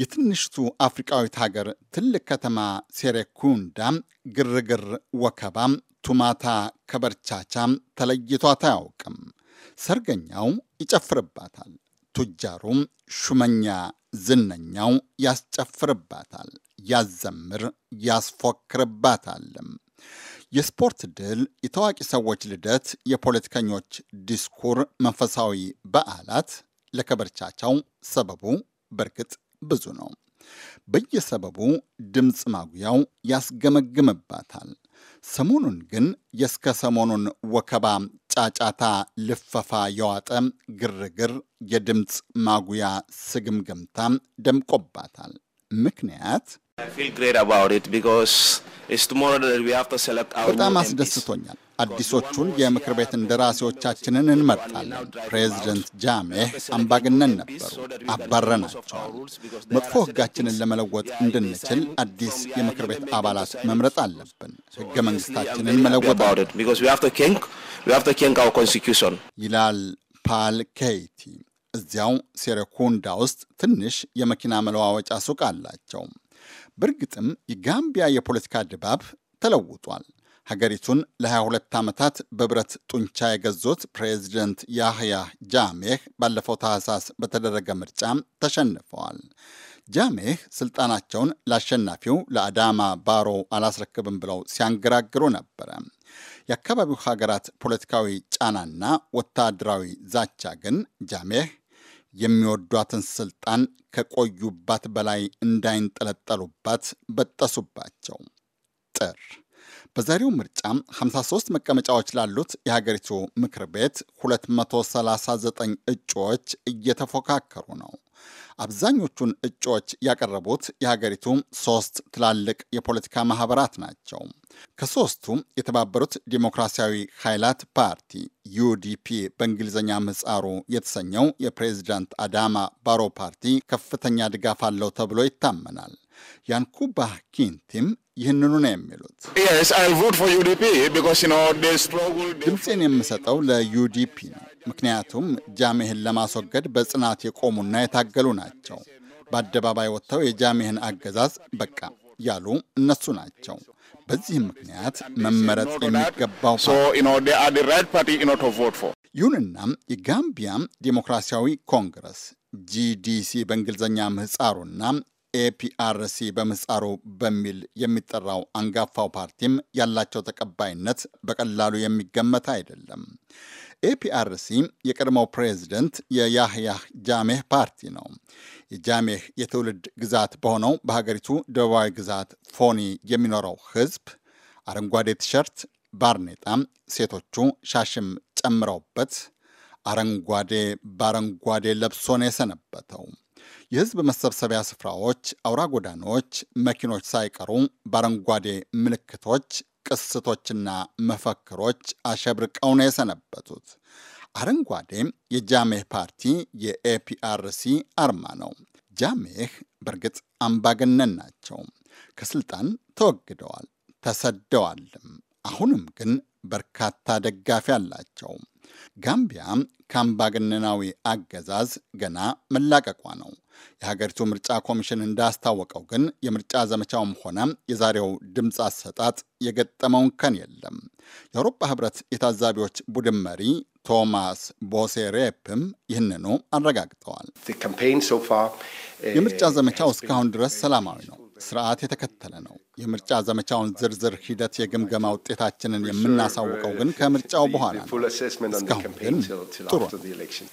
የትንሽቱ አፍሪቃዊት ሀገር ትልቅ ከተማ ሴሬኩንዳ ግርግር፣ ወከባ ቱማታ ከበርቻቻ ተለይቷት አያውቅም። ሰርገኛው ይጨፍርባታል፣ ቱጃሩም፣ ሹመኛ ዝነኛው ያስጨፍርባታል፣ ያዘምር ያስፎክርባታልም። የስፖርት ድል፣ የታዋቂ ሰዎች ልደት፣ የፖለቲከኞች ዲስኩር፣ መንፈሳዊ በዓላት ለከበርቻቻው ሰበቡ በእርግጥ ብዙ ነው። በየሰበቡ ድምፅ ማጉያው ያስገመግምባታል። ሰሞኑን ግን የእስከ ሰሞኑን ወከባ፣ ጫጫታ፣ ልፈፋ የዋጠ ግርግር የድምፅ ማጉያ ስግምግምታ ደምቆባታል። ምክንያት I feel great about it because በጣም አስደስቶኛል። አዲሶቹን የምክር ቤት እንደራሴዎቻችንን እንመርጣለን። ፕሬዚደንት ጃሜህ አምባገነን ነበሩ፣ አባረናቸዋል። መጥፎ ሕጋችንን ለመለወጥ እንድንችል አዲስ የምክር ቤት አባላት መምረጥ አለብን። ሕገ መንግስታችንን መለወጥ ይላል ፓል ኬይቲ። እዚያው ሴሬኩንዳ ውስጥ ትንሽ የመኪና መለዋወጫ ሱቅ አላቸው። በእርግጥም የጋምቢያ የፖለቲካ ድባብ ተለውጧል። ሀገሪቱን ለ22 ዓመታት በብረት ጡንቻ የገዙት ፕሬዚደንት ያህያ ጃሜህ ባለፈው ታህሳስ በተደረገ ምርጫ ተሸንፈዋል። ጃሜህ ስልጣናቸውን ለአሸናፊው ለአዳማ ባሮ አላስረክብም ብለው ሲያንገራግሩ ነበረ። የአካባቢው ሀገራት ፖለቲካዊ ጫናና ወታደራዊ ዛቻ ግን ጃሜህ የሚወዷትን ስልጣን ከቆዩባት በላይ እንዳይንጠለጠሉባት በጠሱባቸው። ጥር በዛሬው ምርጫ 53 መቀመጫዎች ላሉት የሀገሪቱ ምክር ቤት 239 እጩዎች እየተፎካከሩ ነው። አብዛኞቹን እጩዎች ያቀረቡት የሀገሪቱ ሶስት ትላልቅ የፖለቲካ ማህበራት ናቸው። ከሶስቱም የተባበሩት ዲሞክራሲያዊ ኃይላት ፓርቲ ዩዲፒ በእንግሊዝኛ ምህጻሩ የተሰኘው የፕሬዝዳንት አዳማ ባሮ ፓርቲ ከፍተኛ ድጋፍ አለው ተብሎ ይታመናል። ያንኩባ ኪንቲም ይህንኑ ነው የሚሉት። ድምፄን የምሰጠው ለዩዲፒ ነው። ምክንያቱም ጃሜህን ለማስወገድ በጽናት የቆሙና የታገሉ ናቸው። በአደባባይ ወጥተው የጃሜህን አገዛዝ በቃ ያሉ እነሱ ናቸው። በዚህም ምክንያት መመረጥ የሚገባው ይሁንና የጋምቢያ ዴሞክራሲያዊ ኮንግረስ ጂዲሲ በእንግሊዝኛ ምህፃሩና ኤፒአርሲ በምህጻሩ በሚል የሚጠራው አንጋፋው ፓርቲም ያላቸው ተቀባይነት በቀላሉ የሚገመት አይደለም። ኤፒአርሲ የቀድሞው ፕሬዚደንት የያህያህ ጃሜህ ፓርቲ ነው። የጃሜህ የትውልድ ግዛት በሆነው በሀገሪቱ ደቡባዊ ግዛት ፎኒ የሚኖረው ህዝብ አረንጓዴ ቲሸርት፣ ባርኔጣ ሴቶቹ ሻሽም ጨምረውበት አረንጓዴ በአረንጓዴ ለብሶ ነው የሰነበተው። የህዝብ መሰብሰቢያ ስፍራዎች፣ አውራ ጎዳናዎች፣ መኪኖች ሳይቀሩ በአረንጓዴ ምልክቶች፣ ቅስቶችና መፈክሮች አሸብርቀው ነው የሰነበቱት። አረንጓዴ የጃሜህ ፓርቲ የኤፒአርሲ አርማ ነው። ጃሜህ በእርግጥ አምባገነን ናቸው። ከስልጣን ተወግደዋል፣ ተሰደዋልም። አሁንም ግን በርካታ ደጋፊ አላቸው። ጋምቢያ ከአምባገነናዊ አገዛዝ ገና መላቀቋ ነው። የሀገሪቱ ምርጫ ኮሚሽን እንዳስታወቀው ግን የምርጫ ዘመቻውም ሆነ የዛሬው ድምፅ አሰጣጥ የገጠመውን ከን የለም። የአውሮፓ ሕብረት የታዛቢዎች ቡድን መሪ ቶማስ ቦሴሬፕም ይህንኑ አረጋግጠዋል። የምርጫ ዘመቻው uh, እስካሁን ድረስ ሰላማዊ ነው፣ ስርዓት የተከተለ ነው። የምርጫ ዘመቻውን ዝርዝር ሂደት የግምገማ ውጤታችንን የምናሳውቀው ግን ከምርጫው በኋላ ነው። እስካሁን ግን ጥሩ